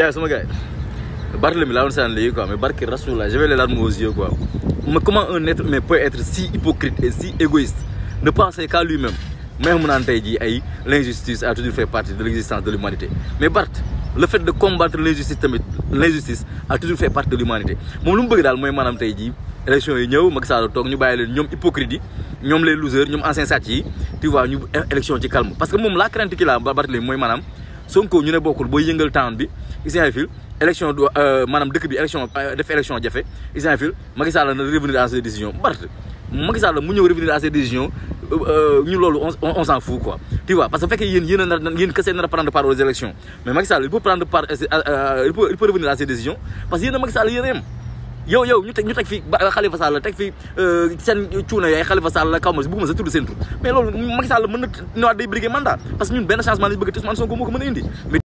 Diaye sama gars yi Barthélemy laa doon seetaan quoi mais barke Rasulullah j'avais les larmes aux yeux quoi mais comment un être humain peut être si hypocrite et si égoïste ne penser qu'à lui-même mais mu naan ay l'injustice a toujours fait partie de l'existence de l'humanité mais Bart, le fait de combattre l'injustice tamit l'injustice a toujours fait partie de l'humanité moom lu mu bëgg daal mooy maanaam tey élection yi ñëw Macky Sall toog ñu bàyyi leen ñoom hypocrite yi les losers ñoom anciens sàcc tu vois ñu élection ci calme parce que moom la crainte ki la Barthélemy mooy madame. Sonko ñu ne bokul boy yëngal town bi Issa Fil élection du euh, manam dëkk bi élection euh, def élection jafé Issa Macky Sall na revenir à ses décisions Barth Macky Sall mu ñëw revenir à ses décisions euh, ñu loolu on on s'en fout quoi tu vois parce que fekkee yéen yeen yeen nar yéen kese nar prendre part aux élections mais Macky Sall il peut prendre part il peut il peut revenir à ses décisions parce que yeen Macky Sall yeen yow yow ñu teg ñu teg fi Khalifa Sall teg fi euh, seen cuuna yaay Khalifa Sall kaw ma bëgguma sa tudd seen mais loolu Macky Sall na ñëwaat day briguer mandat parce que ñun benn changement lañu bëgg te Ousmane Sonko moo ko mën a indi